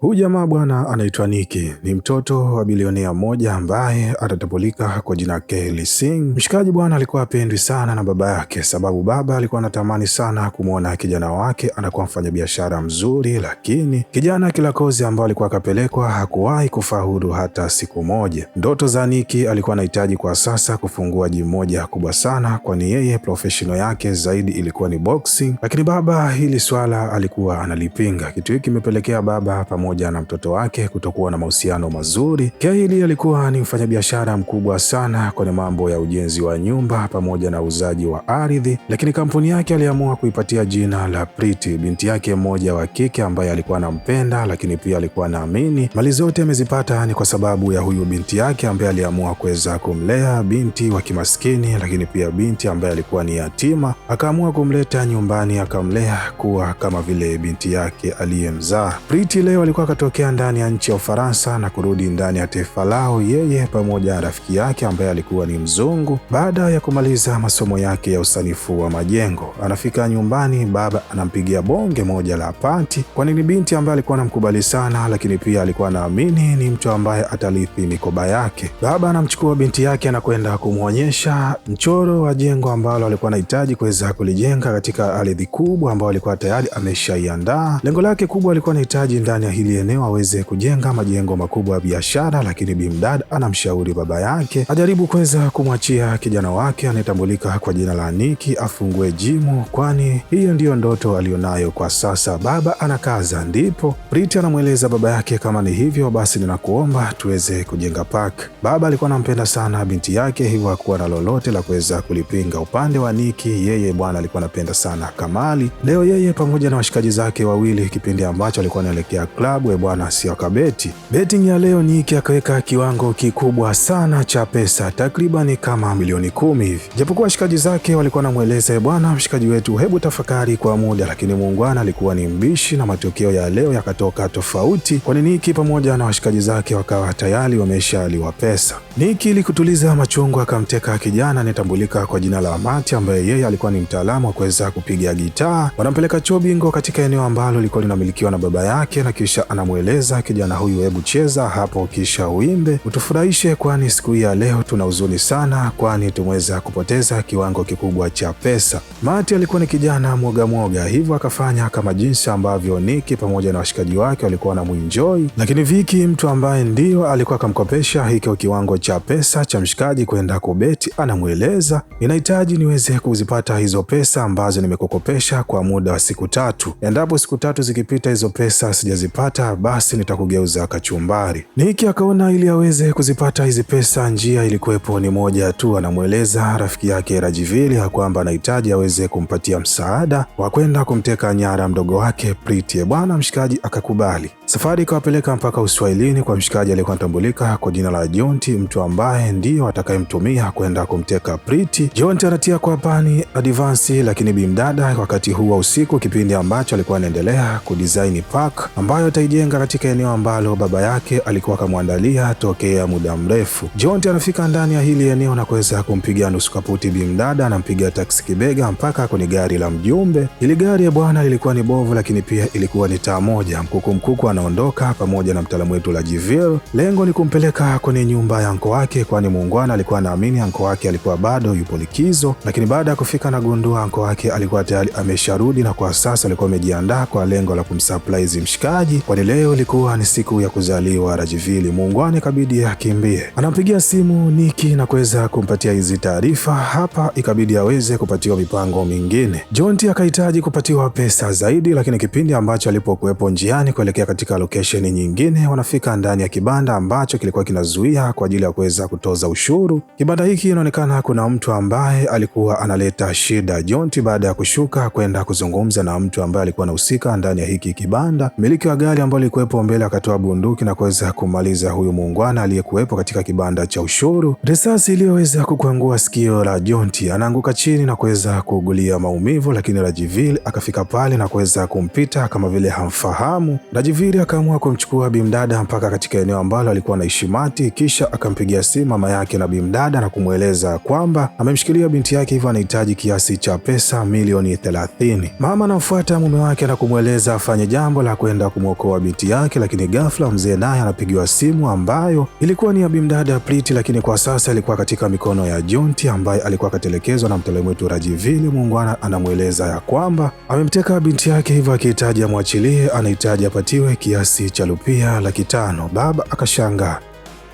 Huyu jamaa bwana anaitwa Niki, ni mtoto wa bilionea mmoja ambaye atatambulika kwa jina Keli Singh. Mshikaji bwana alikuwa apendwi sana na baba yake, sababu baba alikuwa anatamani sana kumwona kijana wake anakuwa mfanyabiashara mzuri, lakini kijana kila kozi ambayo alikuwa akapelekwa hakuwahi kufaulu hata siku moja. Ndoto za Niki alikuwa anahitaji kwa sasa kufungua jimu moja kubwa sana, kwani yeye professional yake zaidi ilikuwa ni boxing, lakini baba hili swala alikuwa analipinga. Kitu hiki kimepelekea baba pamoja pamoja na mtoto wake kutokuwa na mahusiano mazuri. Kaili alikuwa ni mfanyabiashara mkubwa sana kwenye mambo ya ujenzi wa nyumba pamoja na uuzaji wa ardhi, lakini kampuni yake aliamua kuipatia jina la Priti, binti yake mmoja wa kike ambaye alikuwa anampenda, lakini pia alikuwa anaamini mali zote amezipata ni kwa sababu ya huyu binti yake ambaye aliamua kuweza kumlea, binti wa kimaskini, lakini pia binti ambaye alikuwa ni yatima, akaamua kumleta nyumbani akamlea kuwa kama vile binti yake aliyemzaa. Priti leo alikuwa Marko akatokea ndani ya nchi ya Ufaransa na kurudi ndani ya taifa lao, yeye pamoja na rafiki yake ambaye alikuwa ni mzungu. Baada ya kumaliza masomo yake ya usanifu wa majengo, anafika nyumbani, baba anampigia bonge moja la pati, kwani ni binti ambaye alikuwa anamkubali sana, lakini pia alikuwa anaamini ni mtu ambaye atalithi mikoba yake. Baba anamchukua binti yake, anakwenda kumwonyesha mchoro wa jengo ambalo alikuwa anahitaji kuweza kulijenga katika ardhi kubwa ambayo alikuwa tayari ameshaiandaa. Lengo lake kubwa alikuwa anahitaji ndani ya hili ili eneo aweze kujenga majengo makubwa ya biashara, lakini Bimdad anamshauri baba yake ajaribu kuweza kumwachia kijana wake anayetambulika kwa jina la Niki afungue jimu, kwani hiyo ndiyo ndoto aliyonayo kwa sasa. Baba anakaza, ndipo Priti anamweleza baba yake, kama ni hivyo basi ninakuomba tuweze kujenga park. Baba alikuwa anampenda sana binti yake, hivyo hakuwa na lolote la kuweza kulipinga. Upande wa Niki, yeye bwana alikuwa anapenda sana Kamali. Leo yeye pamoja na washikaji zake wawili, kipindi ambacho alikuwa anaelekea club Mkabwe bwana, sio kabeti. Betting ya leo Nick akaweka kiwango kikubwa sana cha pesa takriban kama milioni kumi hivi, japokuwa washikaji zake walikuwa namweleza eh, bwana, mshikaji wetu, hebu tafakari kwa muda, lakini muungwana alikuwa ni mbishi na matokeo ya leo yakatoka tofauti, kwani Nick pamoja na washikaji zake wakawa tayari wameshaliwa pesa. Nick ili kutuliza machungu akamteka kijana anayetambulika kwa jina la Amati ambaye yeye alikuwa ni mtaalamu wa kuweza kupiga gitaa, wanampeleka Chobingo katika eneo ambalo lilikuwa linamilikiwa na baba yake na kisha anamweleza kijana huyu, hebu cheza hapo kisha uimbe utufurahishe, kwani siku hii ya leo tuna huzuni sana, kwani tumeweza kupoteza kiwango kikubwa cha pesa. Mati alikuwa ni kijana mwoga mwoga, hivyo akafanya kama jinsi ambavyo Niki pamoja na washikaji wake walikuwa na mwinjoi lakini Viki, mtu ambaye ndio alikuwa akamkopesha hiko kiwango cha pesa cha mshikaji kwenda kubeti, anamweleza ninahitaji niweze kuzipata hizo pesa ambazo nimekukopesha kwa muda wa siku tatu. Endapo siku tatu zikipita hizo pesa sijazipata kuzipata, basi nitakugeuza kachumbari. Niki akaona ili aweze kuzipata hizi pesa njia ilikuwepo ni moja tu, anamweleza rafiki yake Rajivili ya kwamba anahitaji aweze kumpatia msaada wa kwenda kumteka nyara mdogo wake Priti. Bwana mshikaji akakubali. Safari ikawapeleka mpaka Uswahilini kwa mshikaji aliyekuwa anatambulika kwa jina la Jonti, mtu ambaye ndiyo atakayemtumia kwenda kumteka Priti. Jonti anatia kwa pani advansi, lakini bimdada wakati huu wa usiku, kipindi ambacho alikuwa anaendelea kudisaini park ambayo ataijenga katika eneo ambalo baba yake alikuwa akamwandalia tokea muda mrefu. Jonti anafika ndani ya hili eneo na kuweza kumpiga nusu kaputi bimdada, anampiga taksi kibega mpaka kwenye gari la mjumbe. Ili gari ya bwana lilikuwa ni bovu, lakini pia ilikuwa ni taa moja. Mkuku mkuku anaondoka pamoja na mtaalamu wetu Lajivil. Lengo ni kumpeleka kwenye nyumba ya anko wake, kwani muungwana alikuwa anaamini anko wake alikuwa bado yupo likizo, lakini baada ya kufika gundua anko wake alikuwa tayari amesharudi, na kwa sasa alikuwa amejiandaa kwa lengo la kumsurprise mshikaji kwani leo ilikuwa ni siku ya kuzaliwa Rajivili, muungwana ikabidi akimbie. Anampigia simu Niki na kuweza kumpatia hizi taarifa hapa, ikabidi aweze kupatiwa mipango mingine. Jonti akahitaji kupatiwa pesa zaidi, lakini kipindi ambacho alipokuwepo njiani kuelekea katika lokesheni nyingine, wanafika ndani ya kibanda ambacho kilikuwa kinazuia kwa ajili ya kuweza kutoza ushuru. Kibanda hiki inaonekana kuna mtu ambaye alikuwa analeta shida. Jonti baada ya kushuka kwenda kuzungumza na mtu ambaye alikuwa anahusika ndani ya hiki kibanda, miliki wa gari Askari ambao alikuwepo mbele akatoa bunduki na kuweza kumaliza huyu muungwana aliyekuwepo katika kibanda cha ushuru, risasi iliyoweza kukwangua sikio la Jonti. Anaanguka chini na kuweza kuugulia maumivu, lakini Rajivili akafika pale na kuweza kumpita kama vile hamfahamu. Rajivili akaamua kumchukua Bimdada mpaka katika eneo ambalo alikuwa anaishi Mati, kisha akampigia simu mama yake na Bimdada na kumweleza kwamba amemshikilia binti yake, hivyo anahitaji kiasi cha pesa milioni 30. Mama anamfuata mume wake na kumweleza afanye jambo la kwenda kumwokoa kwa binti yake, lakini ghafla mzee naye anapigiwa simu ambayo ilikuwa ni ya bimdada Priti, lakini kwa sasa alikuwa katika mikono ya Jonti ambaye alikuwa akatelekezwa na mtalemwetu Rajivili. Muungwana anamweleza ya kwamba amemteka binti yake, hivyo akihitaji amwachilie, anahitaji apatiwe kiasi cha lupia laki tano. Baba akashangaa,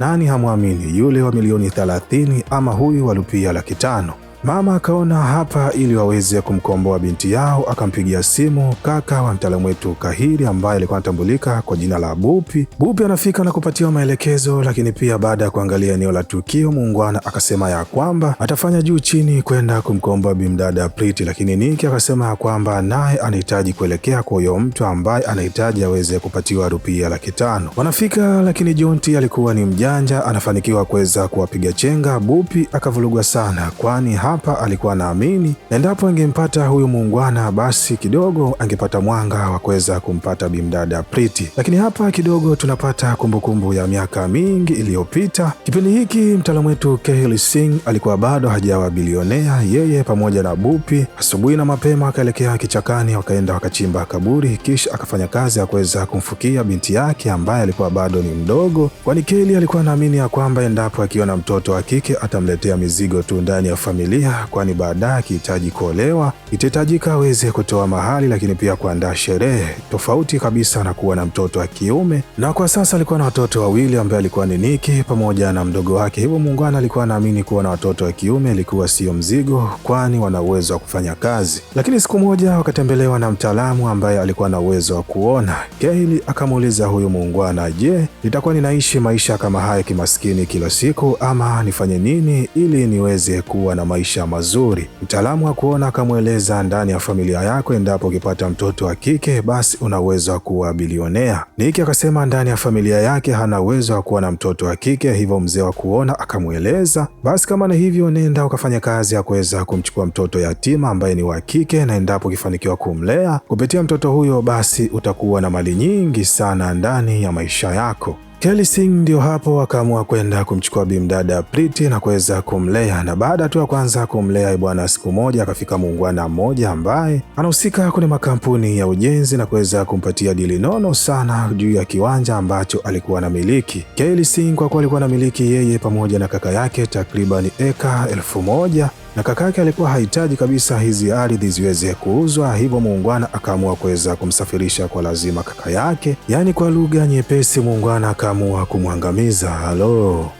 nani hamwamini, yule wa milioni 30 ama huyu wa lupia laki tano? Mama akaona hapa ili waweze kumkomboa binti yao, akampigia simu kaka wa mtaalamu wetu Kahiri ambaye alikuwa anatambulika kwa jina la Bupi. Bupi anafika na kupatiwa maelekezo, lakini pia baada ya kuangalia eneo la tukio, muungwana akasema ya kwamba atafanya juu chini kwenda kumkomboa bimdada Priti, lakini Niki akasema ya kwamba naye anahitaji kuelekea kwa huyo mtu ambaye anahitaji aweze kupatiwa rupia laki tano. Wanafika lakini Jonti alikuwa ni mjanja, anafanikiwa kuweza kuwapiga chenga. Bupi akavurugwa sana, kwani hapa alikuwa anaamini na endapo angempata huyu muungwana, basi kidogo angepata mwanga wa kuweza kumpata bimdada Priti. Lakini hapa kidogo tunapata kumbukumbu ya miaka mingi iliyopita. Kipindi hiki mtaalamu wetu Cahill Sing alikuwa bado hajawa bilionea. Yeye pamoja na Bupi asubuhi na mapema akaelekea kichakani, wakaenda wakachimba kaburi, kisha akafanya kazi ya kuweza kumfukia binti yake ambaye alikuwa bado ni mdogo, kwani Keli alikuwa anaamini ya kwamba endapo akiona mtoto wa kike atamletea mizigo tu ndani ya familia familia, kwani baadaye akihitaji kuolewa itahitajika aweze kutoa mahali, lakini pia kuandaa sherehe, tofauti kabisa na kuwa na mtoto wa kiume. Na kwa sasa alikuwa na watoto wawili ambaye alikuwa ni Niki pamoja na mdogo wake, hivyo muungwana alikuwa anaamini kuwa na watoto wa kiume ilikuwa sio mzigo, kwani wana uwezo wa kufanya kazi. Lakini siku moja wakatembelewa na mtaalamu ambaye alikuwa na uwezo wa kuona. Keili akamuuliza huyu muungwana, je, nitakuwa ninaishi maisha kama haya kimaskini kila siku ama nifanye nini ili niweze kuwa na maisha maisha mazuri. Mtaalamu wa kuona akamweleza, ndani ya familia yako, endapo ukipata mtoto wa kike, basi una uwezo wa kuwa bilionea. Niki akasema ndani ya familia yake hana uwezo wa kuwa na mtoto wa kike, hivyo mzee wa kuona akamweleza, basi kama na hivyo, nenda ukafanya kazi ya kuweza kumchukua mtoto yatima ambaye ni wa kike, na endapo ukifanikiwa kumlea kupitia mtoto huyo, basi utakuwa na mali nyingi sana ndani ya maisha yako. Kelly Singh ndio hapo akaamua kwenda kumchukua bimdada Priti na kuweza kumlea, na baada tu ya kwanza kumlea eh, bwana, siku moja akafika muungwana mmoja ambaye anahusika kwenye makampuni ya ujenzi na kuweza kumpatia dili nono sana juu ya kiwanja ambacho alikuwa na miliki. Kelly Singh kwa kuwa alikuwa na miliki yeye pamoja na kaka yake takribani eka elfu moja na kaka yake alikuwa hahitaji kabisa hizi ardhi ziweze kuuzwa, hivyo muungwana akaamua kuweza kumsafirisha kwa lazima kaka yake, yaani kwa lugha nyepesi, muungwana akaamua kumwangamiza. Halo,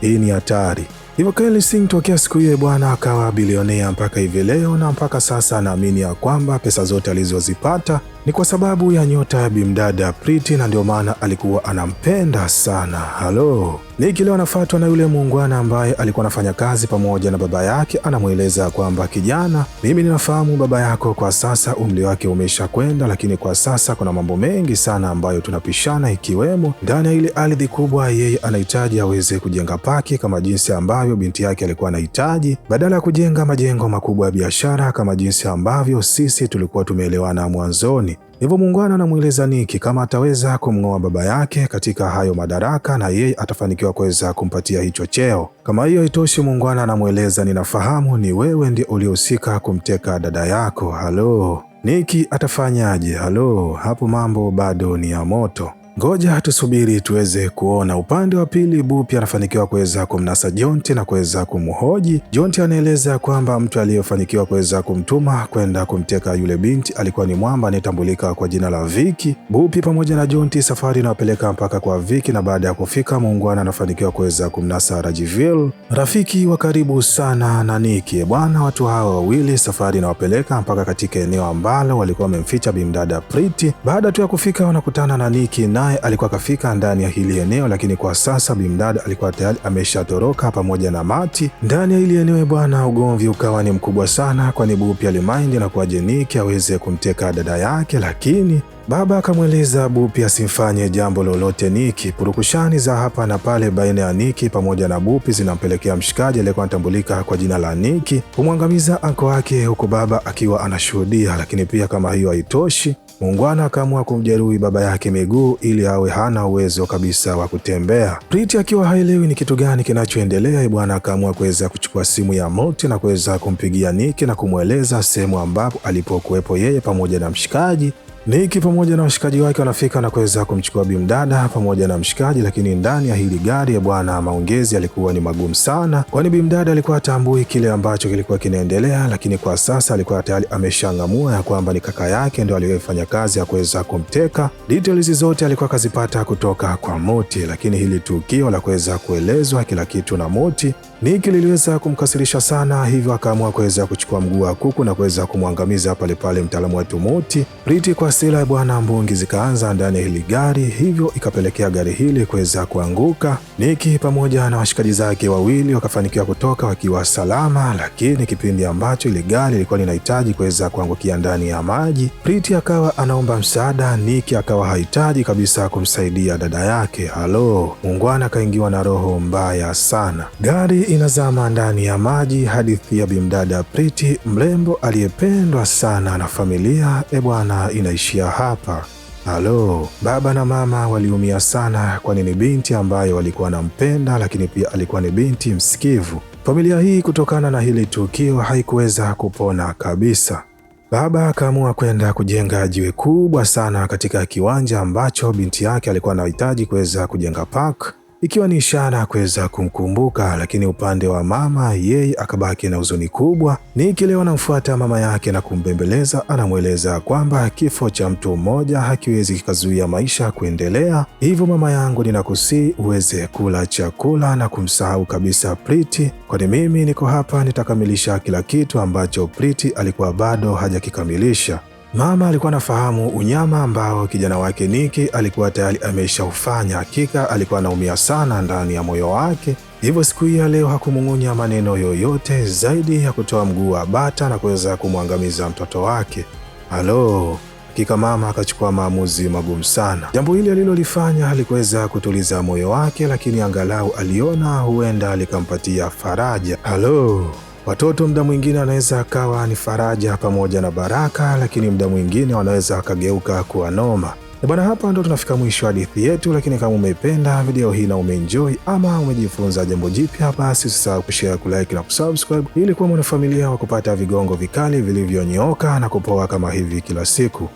hii ni hatari. Hivyo Keli Singh tokea siku hiyo bwana akawa bilionea mpaka hivi leo, na mpaka sasa anaamini ya kwamba pesa zote alizozipata ni kwa sababu ya nyota ya bimdada Priti, na ndio maana alikuwa anampenda sana. Halo. Nick leo anafuatwa na yule muungwana ambaye alikuwa anafanya kazi pamoja na baba yake, anamweleza kwamba kijana, mimi ninafahamu baba yako kwa sasa umri wake umesha kwenda, lakini kwa sasa kuna mambo mengi sana ambayo tunapishana, ikiwemo ndani ya ile ardhi kubwa, yeye anahitaji aweze kujenga paki kama jinsi ambavyo binti yake alikuwa anahitaji, badala ya kujenga majengo makubwa ya biashara kama jinsi ambavyo sisi tulikuwa tumeelewana mwanzoni. Hivyo muungwana anamweleza Niki kama ataweza kumng'oa baba yake katika hayo madaraka na yeye atafanikiwa kuweza kumpatia hicho cheo. Kama hiyo haitoshi, muungwana anamweleza ninafahamu ni wewe ndio uliohusika kumteka dada yako. Halo, Niki atafanyaje? Halo, hapo mambo bado ni ya moto. Ngoja tusubiri tuweze kuona upande wa pili. Bupi anafanikiwa kuweza kumnasa Jonti na kuweza kumhoji. Jonti anaeleza kwamba mtu aliyefanikiwa kuweza kumtuma kwenda kumteka yule binti alikuwa ni mwamba anayetambulika kwa jina la Viki. Bupi pamoja na Jonti safari inawapeleka mpaka kwa Viki, na baada ya kufika muungwana anafanikiwa kuweza kumnasa Rajivil, rafiki wa karibu sana na Niki. Bwana, watu hawa wawili safari inawapeleka mpaka katika eneo ambalo walikuwa wamemficha bimdada Priti. Baada tu ya kufika wanakutana na Niki na naye alikuwa akafika ndani ya hili eneo, lakini kwa sasa Bimdad alikuwa tayari ameshatoroka pamoja na Mati ndani ya hili eneo. Bwana, ugomvi ukawa ni mkubwa sana, kwani Bupi alimaindi na kuwa Jeniki aweze kumteka dada yake, lakini baba akamweleza Bupi asimfanye jambo lolote Niki. Purukushani za hapa na pale baina ya Niki pamoja na Bupi zinampelekea mshikaji aliyekuwa anatambulika kwa jina la Niki kumwangamiza anko wake, huku baba akiwa anashuhudia. Lakini pia kama hiyo haitoshi Muungwana akaamua kumjeruhi baba yake miguu ili awe hana uwezo kabisa wa kutembea. Priti akiwa haelewi ni kitu gani kinachoendelea, bwana akaamua kuweza kuchukua simu ya Moti na kuweza kumpigia Niki na kumweleza sehemu ambapo alipokuwepo yeye pamoja na mshikaji Niki pamoja na washikaji wake wanafika na kuweza kumchukua bimdada pamoja na mshikaji, lakini ndani ya hili gari ya bwana, maongezi yalikuwa ni magumu sana, kwani bimdada alikuwa atambui kile ambacho kilikuwa kinaendelea, lakini kwa sasa alikuwa tayari ameshangamua ya kwamba ni kaka yake ndio aliyefanya kazi ya kuweza kumteka. Details zote alikuwa akazipata kutoka kwa Moti, lakini hili tukio la kuweza kuelezwa kila kitu na Moti Niki liliweza kumkasirisha sana, hivyo akaamua kuweza kuchukua mguu wa kuku na kuweza kumwangamiza palepale mtaalamu wetu Moti Riti kwa Hasira ya bwana Mbungi zikaanza ndani ya hili gari, hivyo ikapelekea gari hili kuweza kuanguka. Niki pamoja na washikaji zake wawili wakafanikiwa kutoka wakiwa salama, lakini kipindi ambacho ile gari ilikuwa linahitaji kuweza kuangukia ndani ya maji, Priti akawa anaomba msaada. Niki akawa hahitaji kabisa kumsaidia dada yake. Halo, mungwana akaingiwa na roho mbaya sana. Gari inazama ndani ya maji. Hadithi ya bimdada Priti, mrembo aliyependwa sana na familia, ebwana inaisha kuishia hapa. Halo, baba na mama waliumia sana, kwani ni binti ambayo walikuwa mpenda lakini pia alikuwa ni binti msikivu. Familia hii kutokana na hili tukio haikuweza kupona kabisa. Baba akaamua kwenda kujenga jiwe kubwa sana katika kiwanja ambacho binti yake alikuwa anahitaji kuweza kujenga park ikiwa ni ishara ya kuweza kumkumbuka, lakini upande wa mama yeye akabaki na huzuni kubwa. ni leo anamfuata mama yake na kumbembeleza, anamweleza kwamba kifo cha mtu mmoja hakiwezi kikazuia maisha kuendelea, hivyo mama yangu, ninakusii uweze kula chakula na kumsahau kabisa Priti, kwani mimi niko hapa nitakamilisha kila kitu ambacho Priti alikuwa bado hajakikamilisha. Mama alikuwa anafahamu unyama ambao kijana wake Niki alikuwa tayari ameshaufanya. Hakika alikuwa anaumia sana ndani ya moyo wake, hivyo siku hii ya leo hakumung'unya maneno yoyote zaidi ya kutoa mguu wa bata na kuweza kumwangamiza mtoto wake. Halo, hakika mama akachukua maamuzi magumu sana. Jambo hili alilolifanya alikuweza kutuliza moyo wake, lakini angalau aliona huenda likampatia faraja. Halo. Watoto mda mwingine wanaweza akawa ni faraja pamoja na baraka, lakini mda mwingine wanaweza wakageuka kuwa noma. Na bwana, hapa ndo tunafika mwisho hadithi yetu, lakini kama umeipenda video hii na umeenjoy ama umejifunza jambo jipya, basi usisahau kushare, kulike na kusubscribe ili kuwa mwanafamilia wa kupata vigongo vikali vilivyonyooka na kupoa kama hivi kila siku.